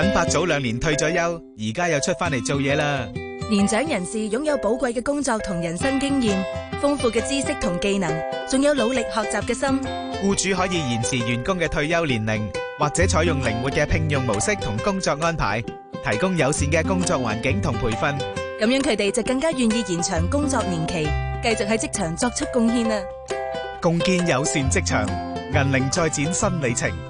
肯伯早兩年退咗休，而家又出翻嚟做嘢啦。年長人士擁有寶貴嘅工作同人生經驗，豐富嘅知識同技能，仲有努力學習嘅心。僱主可以延遲員工嘅退休年齡，或者採用靈活嘅聘用模式同工作安排，提供友善嘅工作環境同培訓，咁樣佢哋就更加願意延長工作年期，繼續喺職場作出貢獻啦！共建友善職場，銀齡再展新里程。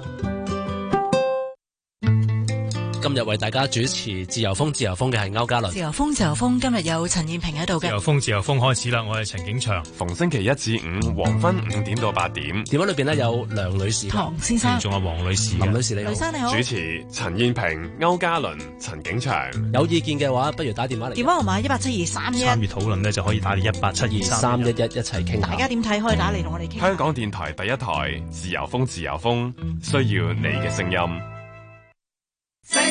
今日為大家主持自《自由風》《自由風》嘅係歐嘉倫，《自由風》《自由風》今日有陳燕萍喺度嘅，自由風《自由風》《自由風》開始啦！我係陳景祥，逢星期一至五黃昏五點到八點，電話裏邊咧有梁女士、唐先生，仲有黃女士、林女士，你、雷生你好，主持陳燕萍、歐嘉倫、陳景祥。有意見嘅話，不如打電話嚟。電話號碼一八七二三一，2, 參與討論呢，就可以打,打,打一八七二三一一一齊傾。大家點睇？可以打嚟同我哋傾。嗯、香港電台第一台《自由風》《自由風》，需要你嘅聲音。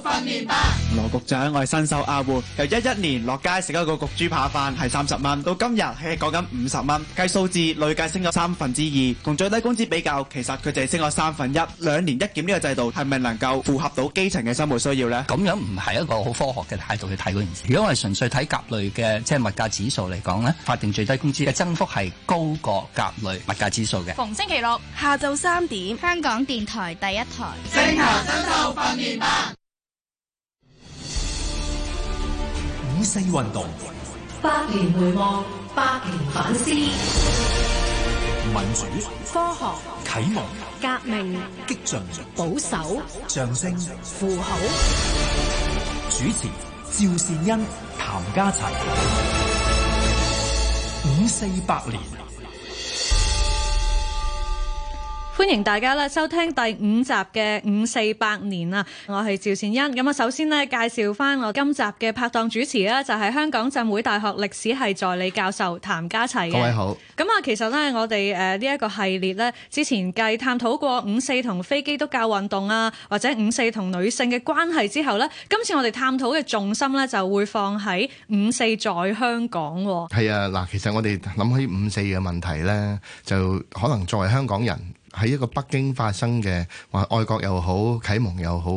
訓練班羅局長，我係新秀阿胡，由一一年落街食一個焗豬扒飯係三十蚊，到今日係講緊五十蚊，計數字累計升咗三分之二，同最低工資比較，其實佢淨係升咗三分一。兩年一檢呢個制度係咪能夠符合到基層嘅生活需要呢？咁樣唔係一個好科學嘅態度去睇嗰件事。如果我係純粹睇甲類嘅即係物價指數嚟講呢，法定最低工資嘅增幅係高過甲類物價指數嘅。逢星期六下晝三點，香港電台第一台《政壇新秀訓練班》。五四運動，百年回望，百年反思。民主、科學、啟蒙、革命、激進、保守、象聲、符號。主持趙：趙善恩、譚家齊。五四百年。歡迎大家啦，收聽第五集嘅五四百年啊！我係趙善恩，咁啊，首先呢，介紹翻我今集嘅拍檔主持啦，就係香港浸會大學歷史系助理教授譚家齊。各位好！咁啊，其實呢，我哋誒，呢一個系列呢，之前繼探討過五四同非基督教運動啊，或者五四同女性嘅關係之後呢，今次我哋探討嘅重心呢就會放喺五四在香港。係啊，嗱，其實我哋諗起五四嘅問題呢就可能作為香港人。喺一個北京發生嘅話，愛國又好、啟蒙又好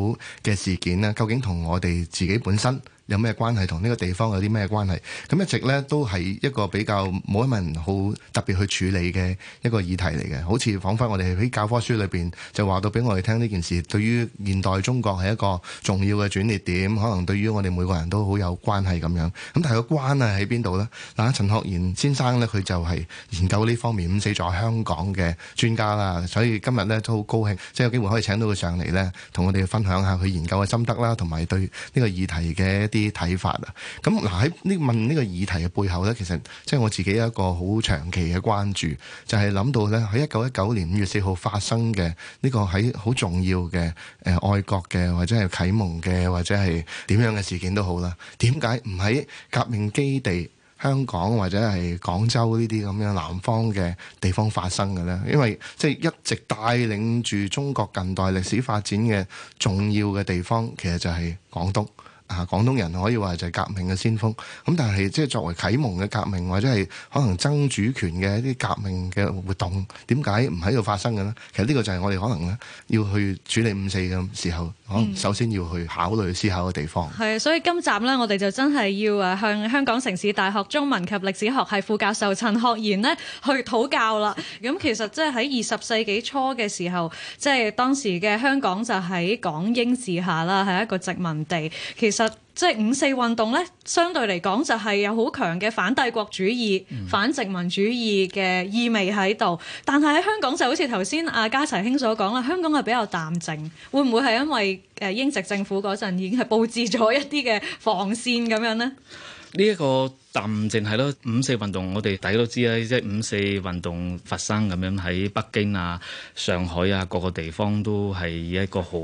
嘅事件咧，究竟同我哋自己本身有咩關係，同呢個地方有啲咩關係？咁一直咧都係一個比較冇乜人好特別去處理嘅一個議題嚟嘅。好似仿佛我哋喺教科書裏邊就話到俾我哋聽呢件事對於現代中國係一個重要嘅轉捩點，可能對於我哋每個人都好有關係咁樣，咁但係個關係喺邊度咧？嗱，陳學然先生咧，佢就係研究呢方面五四在香港嘅專家啦，所以今日咧都好高興，即係有機會可以請到佢上嚟咧，同我哋分享下佢研究嘅心得啦，同埋對呢個議題嘅一啲。啲睇法啊，咁嗱喺呢問呢個議題嘅背後咧，其實即係我自己有一個好長期嘅關注，就係諗到咧喺一九一九年五月四號發生嘅呢個喺好重要嘅誒愛國嘅或者係啟蒙嘅或者係點樣嘅事件都好啦，點解唔喺革命基地香港或者係廣州呢啲咁樣南方嘅地方發生嘅咧？因為即係一直帶領住中國近代歷史發展嘅重要嘅地方，其實就係廣東。啊！廣東人可以話就係革命嘅先鋒，咁但係即係作為啟蒙嘅革命或者係可能爭主權嘅一啲革命嘅活動，點解唔喺度發生嘅咧？其實呢個就係我哋可能咧要去處理五四嘅時候，可能、嗯、首先要去考慮思考嘅地方。係，所以今集咧，我哋就真係要誒向香港城市大學中文及歷史學系副教授陳學然咧去討教啦。咁其實即係喺二十世紀初嘅時候，即係當時嘅香港就喺港英治下啦，係一個殖民地，其實。即係五四運動呢，相對嚟講就係有好強嘅反帝國主義、嗯、反殖民主義嘅意味喺度。但係喺香港就好似頭先阿家齊兄所講啦，香港係比較淡靜，會唔會係因為誒英殖政府嗰陣已經係佈置咗一啲嘅防線咁樣呢？呢一個淡靜係咯，五四運動我哋大家都知啦，即係五四運動發生咁樣喺北京啊、上海啊各個地方都係一個好。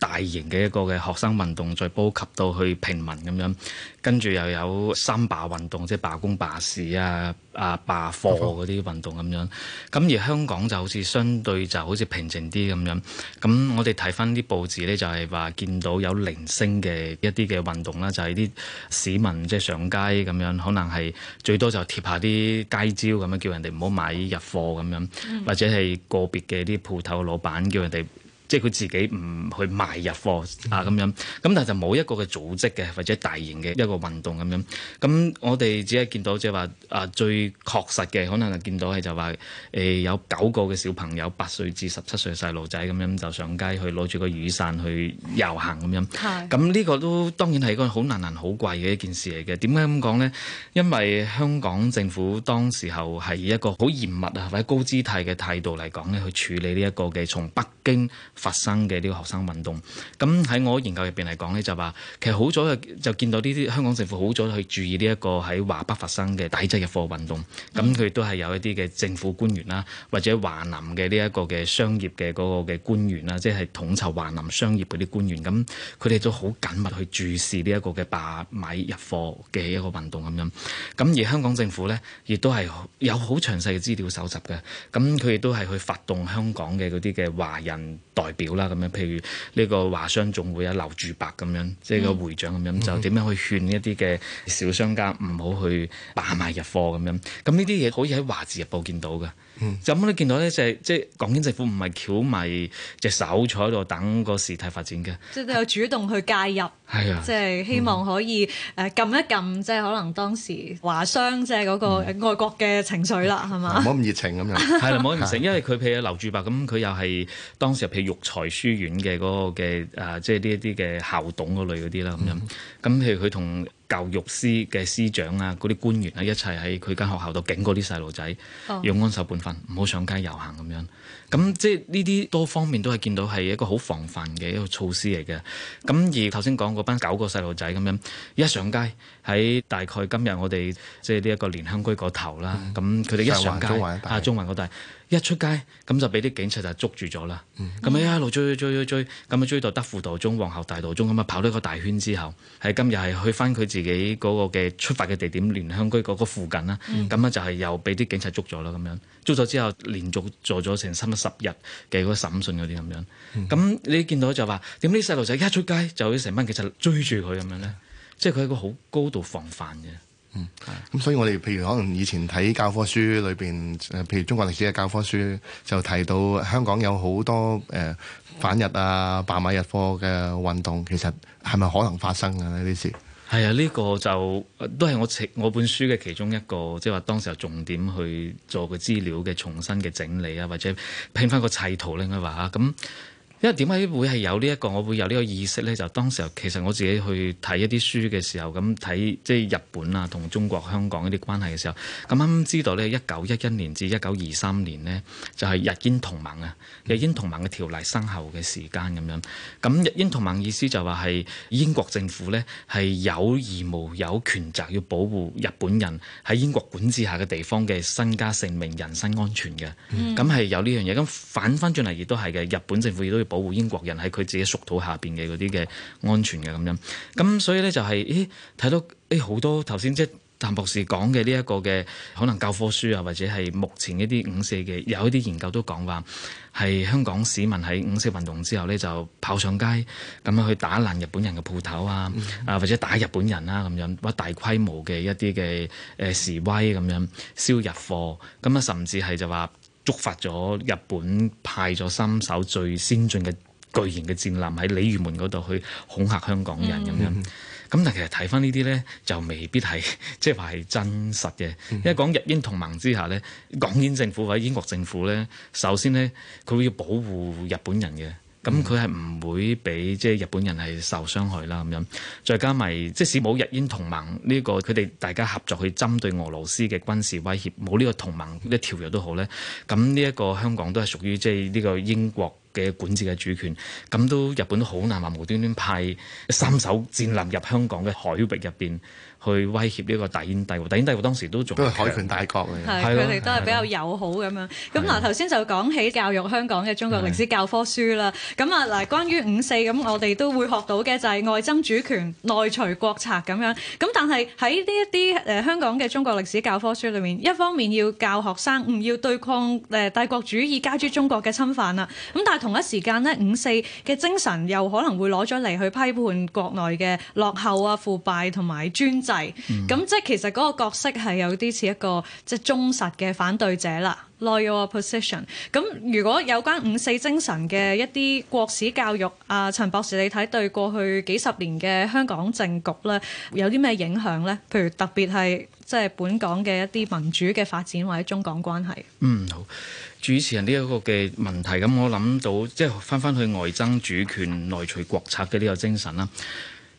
大型嘅一個嘅學生運動再波及到去平民咁樣，跟住又有三罷運動，即係罷工罷市啊啊罷課嗰啲運動咁樣，咁而香港就好似相對就好似平靜啲咁樣，咁我哋睇翻啲報紙咧，就係話見到有零星嘅一啲嘅運動啦，就係啲市民即係上街咁樣，可能係最多就貼下啲街招咁樣叫人哋唔好買日貨咁樣，或者係個別嘅啲鋪頭老闆叫人哋。即係佢自己唔去賣入貨啊咁樣，咁但係就冇一個嘅組織嘅或者大型嘅一個運動咁樣。咁我哋只係見到即係話啊最確實嘅，可能見到係就話誒、呃、有九個嘅小朋友，八歲至十七歲細路仔咁樣就上街去攞住個雨傘去遊行咁樣。咁呢是、這個都當然係一個好難能可貴嘅一件事嚟嘅。點解咁講呢？因為香港政府當時候係以一個好嚴密啊或者高姿態嘅態度嚟講咧，去處理呢、這、一個嘅從北京。發生嘅呢個學生運動，咁喺我研究入邊嚟講呢就話其實好早就見到呢啲香港政府好早去注意呢一個喺華北發生嘅抵制日貨運動，咁佢都係有一啲嘅政府官員啦，或者華南嘅呢一個嘅商業嘅嗰個嘅官員啦，即係統籌華南商業嗰啲官員，咁佢哋都好緊密去注視呢一個嘅霸買日貨嘅一個運動咁樣。咁而香港政府呢，亦都係有好詳細嘅資料搜集嘅，咁佢亦都係去發動香港嘅嗰啲嘅華人代表啦咁樣，譬如呢個華商總會啊，劉鑄伯咁樣，即係個會長咁樣，就點、嗯、樣去勸一啲嘅小商家唔好去罷賣日貨咁樣。咁呢啲嘢可以喺《華字日報》見到嘅。咁咧見到呢就係即係港英政府唔係翹埋隻手坐喺度等個事態發展嘅，即係有主動去介入，即係是是希望可以誒撳一撳，即係可能當時華商即係嗰個外國嘅情緒啦，係嘛、嗯？唔好咁熱情咁樣，係啦，唔好咁熱情， 因為佢譬如劉鑄伯咁，佢又係當時譬如才書院嘅嗰個嘅啊，即係呢一啲嘅校董嗰類嗰啲啦，咁樣咁譬如佢同教育司嘅司長啊，嗰啲官員啊一齊喺佢間學校度警告嗰啲細路仔，用、oh. 安守本分，唔好上街遊行咁樣。咁即係呢啲多方面都係見到係一個好防範嘅一個措施嚟嘅。咁而頭先講嗰班九個細路仔咁樣一上街喺大概今日我哋即係呢一個蓮香居個頭啦，咁佢哋一上街啊中環嗰帶。啊。一出街咁就俾啲警察就捉住咗啦。咁樣、嗯、一路追追追追追，咁樣追到德輔道中、皇后大道中咁啊，跑咗個大圈之後，喺今日係去翻佢自己嗰個嘅出發嘅地點，聯香居嗰個附近啦。咁啊、嗯、就係又俾啲警察捉咗啦。咁樣捉咗之後，連續做咗成三十日嘅嗰審訊嗰啲咁樣。咁、嗯、你見到就話點解啲細路仔一出街就會成班警察追住佢咁樣咧？即係佢係一個好高度防範嘅。嗯，咁所以我哋譬如可能以前睇教科書裏邊，譬如中國歷史嘅教科書就提到香港有好多誒、呃、反日啊、罷買日貨嘅運動，其實係咪可能發生啊呢啲事？係啊，呢、呢個就都係我我本書嘅其中一個，即係話當時有重點去做個資料嘅重新嘅整理啊，或者拼翻個砌圖咧，應該話吓咁。因為點解會係有呢、這、一個，我會有呢個意識呢。就是、當時候其實我自己去睇一啲書嘅時候，咁睇即係日本啊同中國香港一啲關係嘅時候，咁啱知道呢，一九一一年至一九二三年呢，就係日英同盟啊。日英同盟嘅條例生效嘅時間咁樣，咁日英同盟意思就話係英國政府呢係有義務有權責要保護日本人喺英國管治下嘅地方嘅身家性命、人身安全嘅。咁係、嗯、有呢樣嘢，咁反翻轉嚟亦都係嘅，日本政府亦都要保護英國人喺佢自己屬土下邊嘅嗰啲嘅安全嘅咁樣，咁所以咧就係、是，咦，睇到誒好多頭先即係譚博士講嘅呢一個嘅可能教科書啊，或者係目前一啲五四嘅有一啲研究都講話係香港市民喺五四運動之後咧就跑上街咁樣去打爛日本人嘅鋪頭啊，啊或者打日本人啦咁樣，或大規模嘅一啲嘅誒示威咁樣燒日貨，咁啊甚至係就話。觸發咗日本派咗三艘最先進嘅巨型嘅戰艦喺鯉魚門嗰度去恐嚇香港人咁、嗯、樣，咁但其實睇返呢啲咧就未必係即係話係真實嘅，因為講日英同盟之下咧，港英政府或者英國政府咧，首先咧佢會要保護日本人嘅。咁佢係唔會俾即係日本人係受傷害啦咁樣，再加埋即使冇日英同盟呢個，佢哋大家合作去針對俄羅斯嘅軍事威脅，冇呢個同盟嘅條約都好咧，咁呢一個香港都係屬於即係呢個英國。嘅管治嘅主權，咁都日本都好難話無端端派三艘戰艦入香港嘅海域入邊，去威脅呢個大英帝大英帝國。當時都仲都係海權大國嚟，係佢哋都係比較友好咁樣。咁嗱頭先就講起教育香港嘅中國歷史教科書啦。咁啊嗱，關於五四咁，我哋都會學到嘅就係外爭主權、內除國賊咁樣。咁但係喺呢一啲誒香港嘅中國歷史教科書裏面，一方面要教學生唔要對抗誒帝國主義加諸中國嘅侵犯啦。咁但同一時間咧，五四嘅精神又可能會攞咗嚟去批判國內嘅落後啊、腐敗同埋專制。咁、嗯、即係其實嗰個角色係有啲似一個即係忠實嘅反對者啦。loyal position。咁 如果有關五四精神嘅一啲國史教育啊，陳博士，你睇對過去幾十年嘅香港政局咧，有啲咩影響咧？譬如特別係。即係本港嘅一啲民主嘅發展，或者中港關係。嗯，好，主持人呢一個嘅問題，咁我諗到即係翻翻去外爭主權、內除國策嘅呢個精神啦。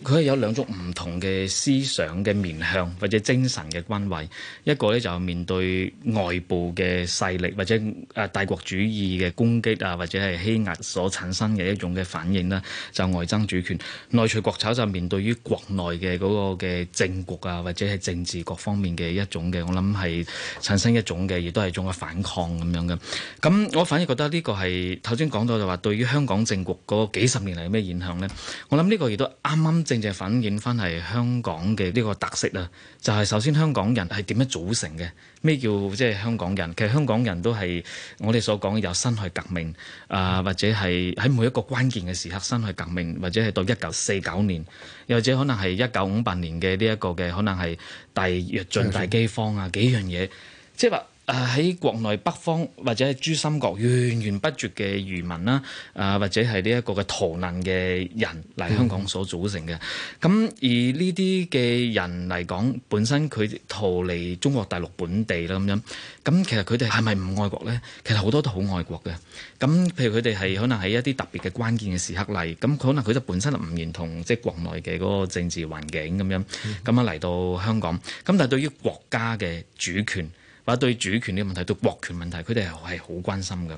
佢係有兩種唔同嘅思想嘅面向，或者精神嘅關懷，一個咧就面對外部嘅勢力或者誒大國主義嘅攻擊啊，或者係欺壓所產生嘅一種嘅反應啦，就是、外爭主權，內除國賊就面對於國內嘅嗰個嘅政局啊，或者係政治各方面嘅一種嘅，我諗係產生一種嘅，亦都係一種嘅反抗咁樣嘅。咁我反而覺得呢個係頭先講到就話對於香港政局個幾十年嚟有咩影響咧，我諗呢個亦都啱啱。正正反映翻係香港嘅呢個特色啦，就係首先香港人係點樣組成嘅？咩叫即係香港人？其實香港人都係我哋所講有辛亥革命啊，或者係喺每一個關鍵嘅時刻辛亥革命，或者係到一九四九年，又或者可能係一九五八年嘅呢一個嘅，可能係大躍進、大饑荒啊幾樣嘢，即係話。啊！喺國內北方或者係珠三角源源不絕嘅漁民啦，啊、呃、或者係呢一個嘅逃難嘅人嚟香港所組成嘅。咁、嗯、而呢啲嘅人嚟講，本身佢逃離中國大陸本地啦，咁樣咁其實佢哋係咪唔愛國咧？其實好多都好愛國嘅。咁譬如佢哋係可能喺一啲特別嘅關鍵嘅時刻嚟咁，可能佢就本身唔認同即係國內嘅嗰個政治環境咁樣咁樣嚟到香港。咁但係對於國家嘅主權。對主權呢個問題，對國權問題，佢哋係好關心嘅。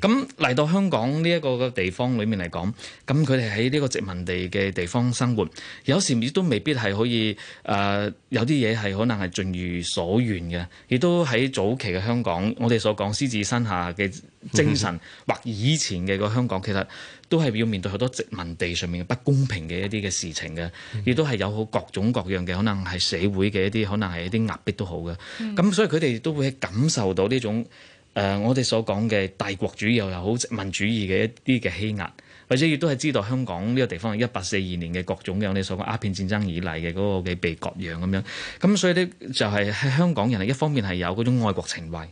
咁嚟到香港呢一個嘅地方裏面嚟講，咁佢哋喺呢個殖民地嘅地方生活，有時亦都未必係可以誒、呃，有啲嘢係可能係盡如所願嘅。亦都喺早期嘅香港，我哋所講獅子山下嘅精神，或以前嘅個香港，其實。都係要面對好多殖民地上面嘅不公平嘅一啲嘅事情嘅，亦都係有好各種各樣嘅可能係社會嘅一啲可能係一啲壓迫都好嘅。咁、嗯、所以佢哋都會感受到呢種誒、呃、我哋所講嘅大國主義又好，殖民主義嘅一啲嘅欺壓，或者亦都係知道香港呢個地方係一八四二年嘅各種嘅我哋所講鴉片戰爭以嚟嘅嗰個嘅被割讓咁樣。咁所以呢，就係喺香港人係一方面係有嗰種愛國情懷。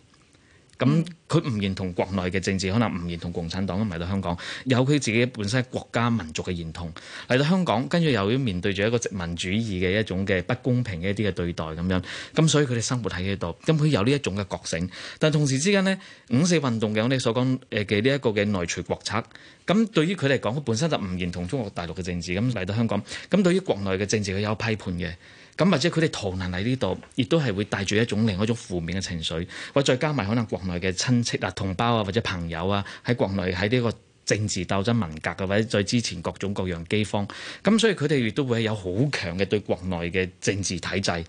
咁佢唔認同國內嘅政治，可能唔認同共產黨，咁嚟到香港有佢自己本身國家民族嘅認同嚟到香港，跟住又要面對住一個殖民主義嘅一種嘅不公平嘅一啲嘅對待咁樣，咁所以佢哋生活喺呢度，咁佢有呢一種嘅覺醒，但同時之間呢，五四運動嘅我哋所講誒嘅呢一個嘅內除國賊，咁對於佢嚟講，佢本身就唔認同中國大陸嘅政治，咁嚟到香港，咁對於國內嘅政治佢有批判嘅。咁或者佢哋逃難喺呢度，亦都係會帶住一種另外一種負面嘅情緒，或者再加埋可能國內嘅親戚啊同胞啊，或者朋友啊喺國內喺呢個政治鬥爭、文革嘅，或者再之前各種各樣饑荒。咁所以佢哋亦都會有好強嘅對國內嘅政治體制、誒、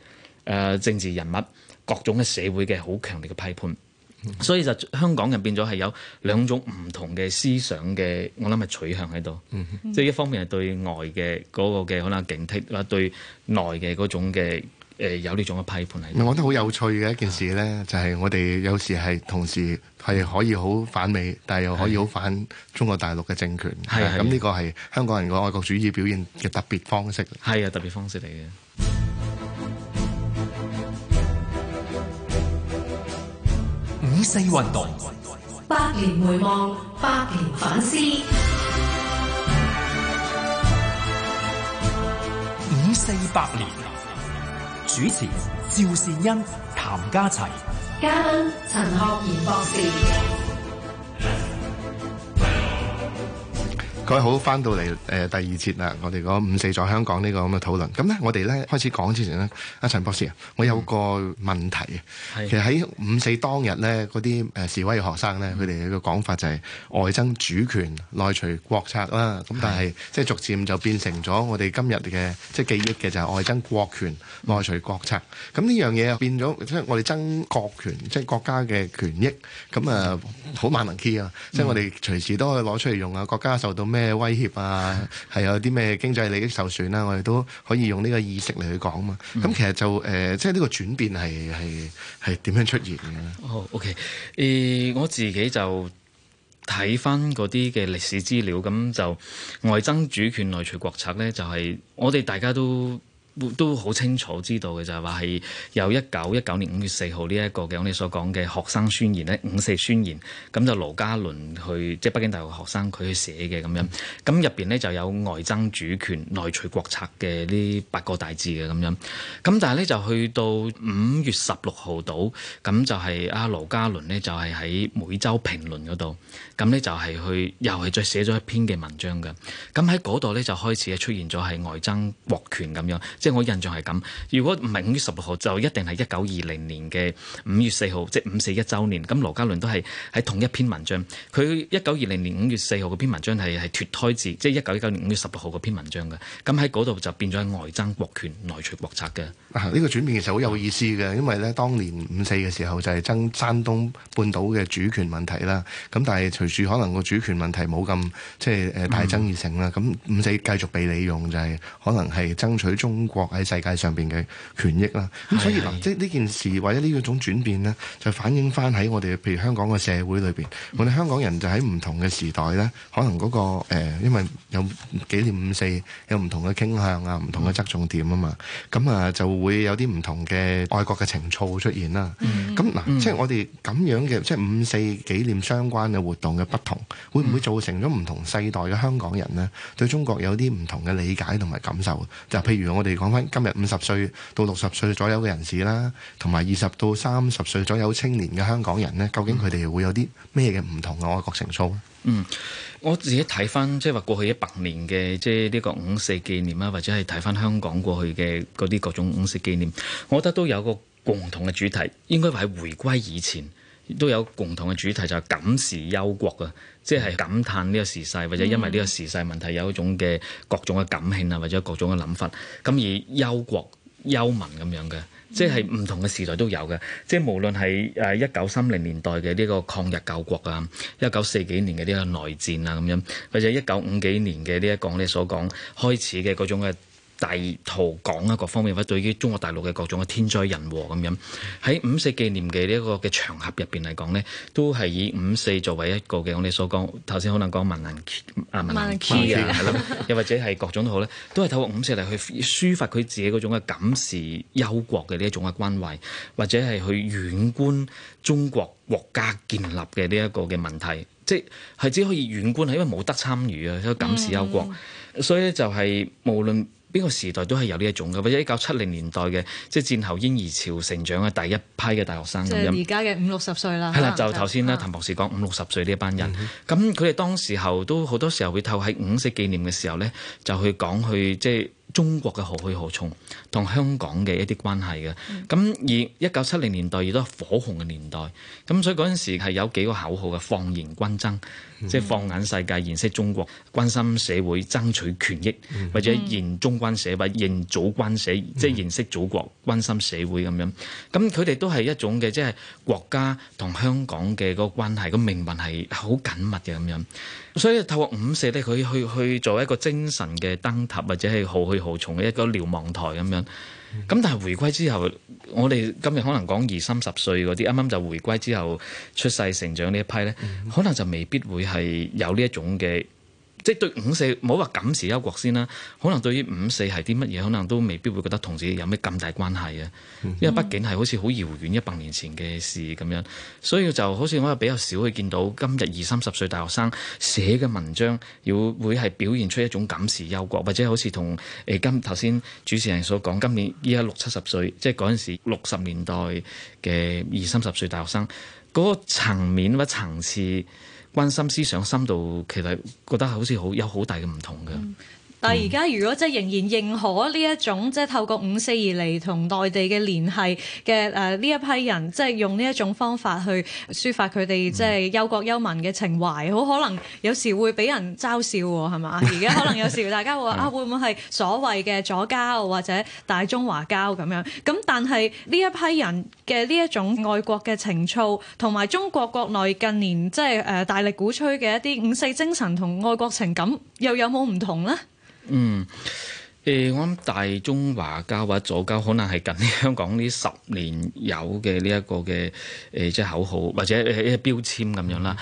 呃、政治人物各種嘅社會嘅好強烈嘅批判。所以就香港人變咗係有兩種唔同嘅思想嘅，我諗係取向喺度。嗯、哼即係一方面係對外嘅嗰個嘅可能警惕啦，對內嘅嗰種嘅誒、呃、有呢種嘅批判喺度。我覺得好有趣嘅一件事咧，的就係我哋有時係同時係可以好反美，但係又可以好反中國大陸嘅政權。係咁呢個係香港人個愛國主義表現嘅特別方式。係啊，特別方式嚟嘅。五四運動，百年回望，百年反思。五四百年，主持：趙善恩、譚家齊，嘉賓：陳學然博士。佢好翻到嚟誒第二節啦，我哋講五四在香港呢個咁嘅討論。咁咧，我哋咧開始講之前咧，阿陳博士，我有個問題。其實喺五四當日咧，嗰啲誒示威嘅學生咧，佢哋嘅講法就係外爭主權，內除國策啦。咁但係即係逐漸就變成咗我哋今日嘅即係記憶嘅就係外爭國權，內除國策。咁呢樣嘢變咗，即係我哋爭國權，即係國家嘅權益。咁啊，好萬能 key 啊！即係我哋隨時都可以攞出嚟用啊。國家受到咩？咩威脅啊？係有啲咩經濟利益受損啊？我哋都可以用呢個意識嚟去講嘛。咁其實就誒、呃，即係呢個轉變係係係點樣出現嘅咧？哦、oh, OK，誒、呃、我自己就睇翻嗰啲嘅歷史資料，咁就外爭主權，內除國策咧，就係、是、我哋大家都。都好清楚知道嘅，就係話係有一九一九年五月四號呢一個嘅我哋所講嘅學生宣言咧，五四宣言，咁就羅家倫去即係北京大學學生佢去寫嘅咁樣，咁入邊咧，就有外爭主權內除國策嘅呢八個大字嘅咁樣，咁但係咧，就去到五月十六號到，咁就係阿羅家倫咧就係喺《每周評論》嗰度咁，咧就係去又係再寫咗一篇嘅文章嘅，咁喺嗰度咧就開始出現咗係外爭國權咁樣。即我印象係咁，如果唔係五月十六號，就一定係一九二零年嘅五月四號，即係五四一週年。咁羅家倫都係喺同一篇文章，佢一九二零年五月四號嗰篇文章係係脱胎自即係一九一九年五月十六號嗰篇文章嘅。咁喺嗰度就變咗外爭國權，內除國賊嘅。呢、啊這個轉變其實好有意思嘅，因為咧，當年五四嘅時候就係爭山東半島嘅主權問題啦。咁但係隨住可能個主權問題冇咁即係誒大爭議性啦。咁、呃嗯呃、五四繼續被利用就係、是、可能係爭取中國喺世界上邊嘅權益啦，咁所以嗱，的即係呢件事或者呢個種轉變呢，就反映翻喺我哋譬如香港嘅社會裏邊，嗯、我哋香港人就喺唔同嘅時代呢，可能嗰、嗰個、呃、因為有紀念五四有唔同嘅傾向啊，唔同嘅側重點啊、嗯、嘛，咁啊就會有啲唔同嘅愛國嘅情操出現啦。咁、啊、嗱、嗯，即係我哋咁樣嘅即係五四紀念相關嘅活動嘅不同，會唔會造成咗唔同世代嘅香港人呢？嗯、對中國有啲唔同嘅理解同埋感受？就譬如我哋。講翻今日五十歲到六十歲左右嘅人士啦，同埋二十到三十歲左右青年嘅香港人呢，究竟佢哋會有啲咩嘅唔同嘅愛國情操呢？嗯，我自己睇翻即係話過去一百年嘅，即係呢個五四紀念啊，或者係睇翻香港過去嘅嗰啲各種五四紀念，我覺得都有個共同嘅主題，應該話係回歸以前都有共同嘅主題，就係、是、感時憂國啊。即係感嘆呢個時勢，或者因為呢個時勢問題有一種嘅各種嘅感興啊，或者各種嘅諗法，咁而憂國憂民咁樣嘅，即係唔同嘅時代都有嘅。即係無論係誒一九三零年代嘅呢個抗日救國啊，一九四幾年嘅呢個內戰啊咁樣，或者一九五幾年嘅呢一個你所講開始嘅嗰種嘅。第二圖講啊，各方面或者對於中國大陸嘅各種嘅天災人禍咁樣，喺五四紀念嘅呢個嘅場合入邊嚟講咧，都係以五四作為一個嘅我哋所講頭先可能講文人啊文筆啊，係咯，又或者係各種都好咧，都係透過五四嚟去抒發佢自己嗰種嘅感時憂國嘅呢一種嘅關懷，或者係去遠觀中國國家建立嘅呢一個嘅問題，即係只可以遠觀，係因為冇得參與啊，感時憂國，嗯、所以就係無論。邊個時代都係有呢一種嘅，或者一九七零年代嘅，即係戰後嬰兒潮成長嘅第一批嘅大學生咁樣。而家嘅五六十歲啦。係啦的，就頭先啦，譚、啊、博士講五六十歲呢一班人，咁佢哋當時候都好多時候會透喺五四紀念嘅時候呢，就去講去即係中國嘅何去何從同香港嘅一啲關係嘅。咁、嗯、而一九七零年代亦都係火紅嘅年代，咁所以嗰陣時係有幾個口號嘅放認關爭，即係放眼世界認識中國，關心社會爭取權益，或者認中關社或認祖關社，即係認識祖國關心社會咁樣。咁佢哋都係一種嘅，即係國家同香港嘅個關係個命運係好緊密嘅咁樣。所以透過五四咧，佢去去做一個精神嘅燈塔，或者係何去何從嘅一個瞭望台咁樣。咁但係回歸之後，我哋今日可能講二三十歲嗰啲，啱啱就回歸之後出世成長呢一批咧，可能就未必會係有呢一種嘅。即係對五四，唔好話感時憂國先啦。可能對於五四係啲乜嘢，可能都未必會覺得同自己有咩咁大關係啊。因為畢竟係好似好遙遠一百年前嘅事咁樣，所以就好似我又比較少去見到今日二三十歲大學生寫嘅文章，要會係表現出一種感時憂國，或者好似同誒今頭先主持人所講，今年依家六七十歲，即係嗰陣時六十年代嘅二三十歲大學生嗰、嗰個層面或者層次。關心思想深度，其實覺得好似好有好大嘅唔同㗎。嗯但係而家如果即係仍然認可呢一種即係透過五四而嚟同內地嘅聯繫嘅，誒，呢一批人，即係用呢一種方法去抒發佢哋、嗯、即係憂國憂民嘅情懷，好可能有時會俾人嘲笑係嘛啊？而家可能有時大家會話 啊，會唔會係所謂嘅左膠或者大中華膠咁樣咁，但係呢一批人嘅呢一種愛國嘅情操，同埋中國國內近年即係誒大力鼓吹嘅一啲五四精神同愛國情感，又有冇唔同咧？嗯，誒，我諗大中華膠或者左膠可能係近香港呢十年有嘅呢一個嘅誒、呃，即係口號或者一個、呃、標籤咁樣啦。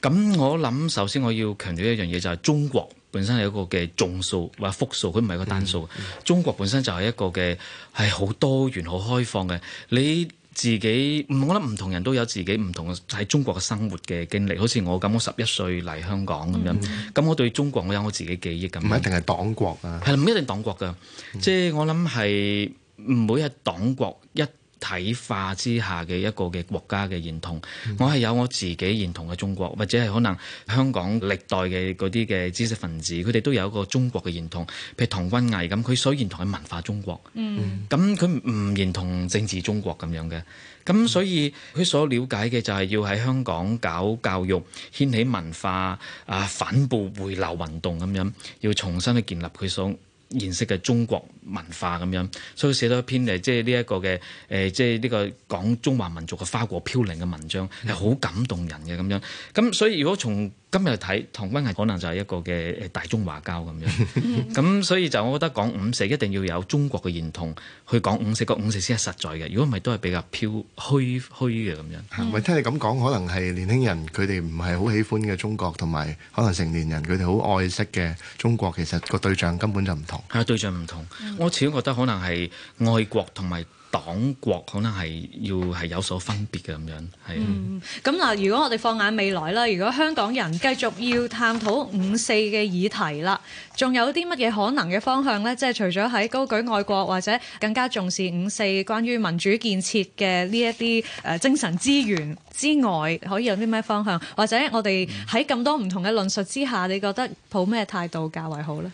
咁、嗯、我諗首先我要強調一樣嘢，就係、是、中國本身係一個嘅眾數或複數，佢唔係一個單數。嗯、中國本身就係一個嘅係好多元、好開放嘅你。自己，我諗唔同人都有自己唔同喺中國嘅生活嘅經歷。好似我咁，我十一歲嚟香港咁、嗯、樣，咁我對中國我有我自己記憶咁。唔一定係黨國啊，係啦，唔一定黨國噶，嗯、即係我諗係唔會係黨國一。體化之下嘅一個嘅國家嘅認同，我係有我自己認同嘅中國，或者係可能香港歷代嘅嗰啲嘅知識分子，佢哋都有一個中國嘅認同。譬如唐君毅咁，佢所認同係文化中國，嗯，咁佢唔認同政治中國咁樣嘅。咁所以佢所了解嘅就係要喺香港搞教育，掀起文化啊反撥回流運動咁樣，要重新去建立佢所認識嘅中國。文化咁樣，所以寫到一篇誒，即係呢一個嘅誒、呃，即係呢、呢個講中華民族嘅花果飄零嘅文章係好感動人嘅咁樣。咁所以如果從今日睇，唐君毅可能就係一個嘅大中華膠咁樣。咁 所以就我覺得講五四一定要有中國嘅認同去講五四，個五四先係實在嘅。如果唔係，都係比較飄虛虛嘅咁樣。唔係，聽你咁講，可能係年輕人佢哋唔係好喜歡嘅中國，同埋可能成年人佢哋好愛惜嘅中國，其實個對象根本就唔同。係呀，對象唔同。我始終覺得可能係愛國同埋黨國，可能係要係有所分別嘅咁樣，係啊。咁嗱、嗯，如果我哋放眼未來啦，如果香港人繼續要探討五四嘅議題啦，仲有啲乜嘢可能嘅方向呢？即係除咗喺高舉愛國或者更加重視五四關於民主建設嘅呢一啲誒精神資源之外，可以有啲咩方向？或者我哋喺咁多唔同嘅論述之下，你覺得抱咩態度較為好呢？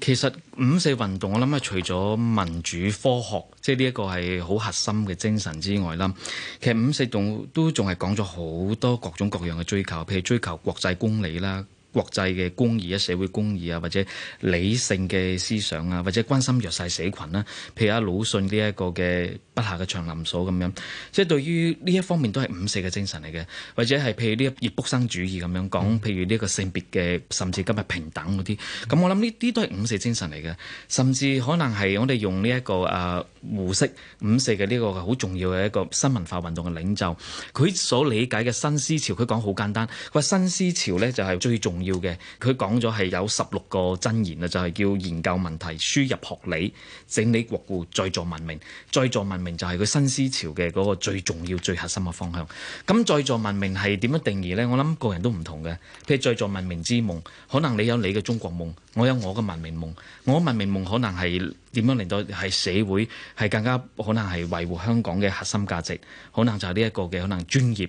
其實五四運動我諗啊，除咗民主科學，即係呢一個係好核心嘅精神之外啦，其實五四運動都仲係講咗好多各種各樣嘅追求，譬如追求國際公理啦。國際嘅公義啊，社會公義啊，或者理性嘅思想啊，或者關心弱勢社群啦，譬如阿、啊、魯迅呢一個嘅筆下嘅祥林嫂咁樣，即係對於呢一方面都係五四嘅精神嚟嘅，或者係譬如呢易卜生主義咁樣講，嗯、譬如呢個性別嘅甚至今日平等嗰啲，咁、嗯、我諗呢啲都係五四精神嚟嘅，甚至可能係我哋用呢、這、一個啊胡適五四嘅呢個好重要嘅一個新文化運動嘅領袖，佢所理解嘅新思潮，佢講好簡單，佢話新思潮咧就係最重要。重要嘅，佢講咗係有十六個真言啊，就係叫研究問題、輸入學理、整理國故、再造文明。再造文明就係佢新思潮嘅嗰個最重要、最核心嘅方向。咁再造文明係點樣定義呢？我諗個人都唔同嘅。譬如再造文明之夢，可能你有你嘅中國夢，我有我嘅文明夢。我文明夢可能係點樣令到係社會係更加可能係維護香港嘅核心價值，可能就係呢一個嘅可能專業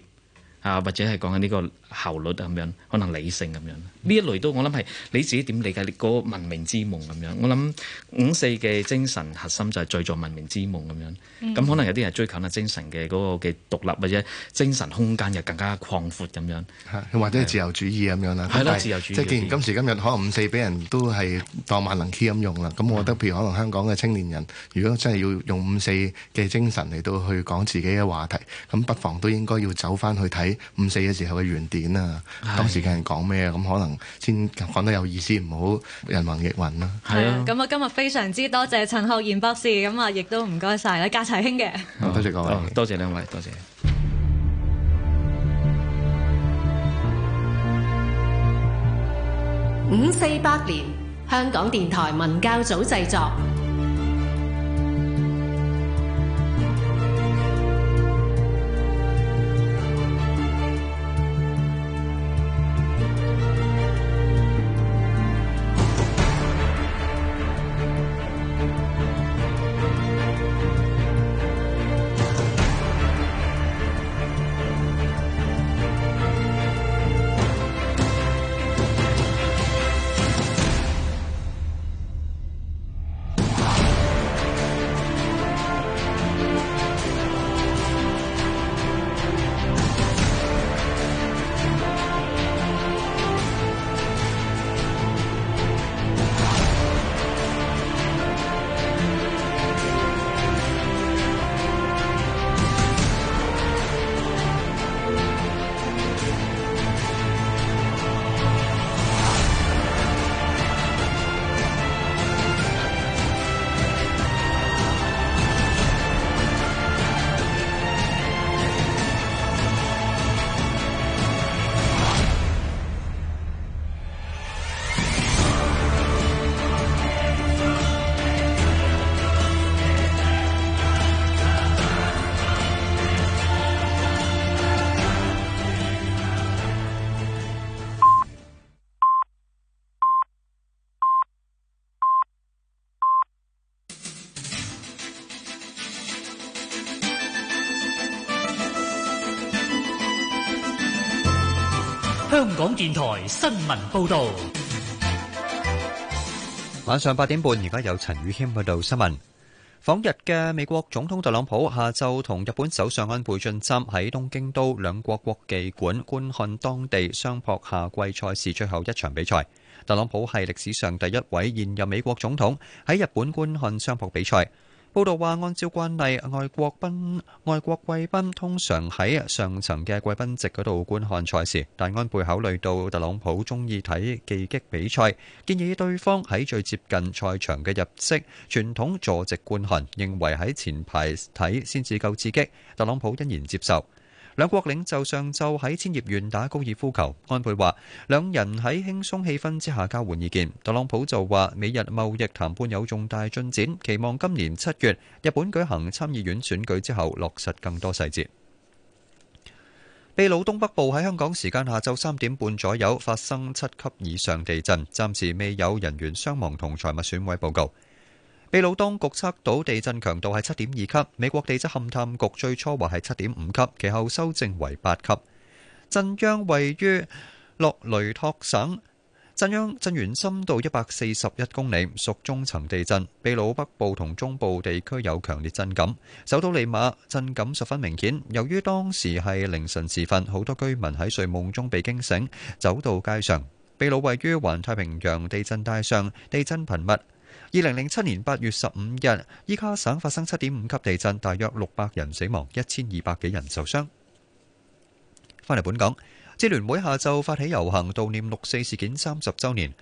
啊，或者係講緊呢個。效率咁樣，可能理性咁樣。呢一類都我諗係你自己點理解你嗰個文明之夢咁樣。我諗五四嘅精神核心就係最做文明之夢咁樣。咁、嗯、可能有啲人追求啦精神嘅嗰個嘅獨立或者精神空間又更加擴闊咁樣，或者係自由主義咁樣啦。係是但自由主義即係既然今時今日可能五四俾人都係當萬能 key 咁用啦，咁的我覺得譬如可能香港嘅青年人，如果真係要用五四嘅精神嚟到去講自己嘅話題，咁不妨都應該要走翻去睇五四嘅時候嘅原點。片啊，當時嘅人講咩，咁可能先講得有意思，唔好人云亦云啦。係啊，咁啊，今日非常之多謝陳學然博士，咁啊，亦都唔該曬你，嘉齊兄嘅。唔多謝各位，多謝兩位，多謝。五四百年，香港電台文教組製作。港電台新聞報道，晚上八點半，而家有陳宇謙報道新聞。訪日嘅美國總統特朗普下晝同日本首相安倍晉三喺東京都兩國國技館觀看當地相撲夏季賽事最後一場比賽。特朗普係歷史上第一位現任美國總統喺日本觀看相撲比賽。報道話，按照慣例，外國賓、外國貴賓通常喺上層嘅貴賓席嗰度觀看賽事，但安倍考慮到特朗普鍾意睇技擊比賽，建議對方喺最接近賽場嘅入息傳統坐席觀看，認為喺前排睇先至夠刺激。特朗普欣然接受。兩國領袖上晝喺千葉縣打高爾夫球。安倍話：兩人喺輕鬆氣氛之下交換意見。特朗普就話：美日貿易談判有重大進展，期望今年七月日本舉行參議院選舉之後落實更多細節。秘魯東北部喺香港時間下晝三點半左右發生七級以上地震，暫時未有人員傷亡同財物損毀報告。秘魯當局測到地震強度係七點二級，美國地質勘探局最初話係七點五級，其後修正為八級。震央位於洛雷托省，震央震源深度一百四十一公里，屬中層地震。秘魯北部同中部地區有強烈震感，首都利馬震感十分明顯。由於當時係凌晨時分，好多居民喺睡夢中被驚醒，走到街上。秘魯位於環太平洋地震帶上，地震頻密。二零零七年八月十五日，伊卡省發生七點五級地震，大約六百人死亡，一千二百幾人受傷。翻嚟本港，支聯會下晝發起遊行悼念六四事件三十周年。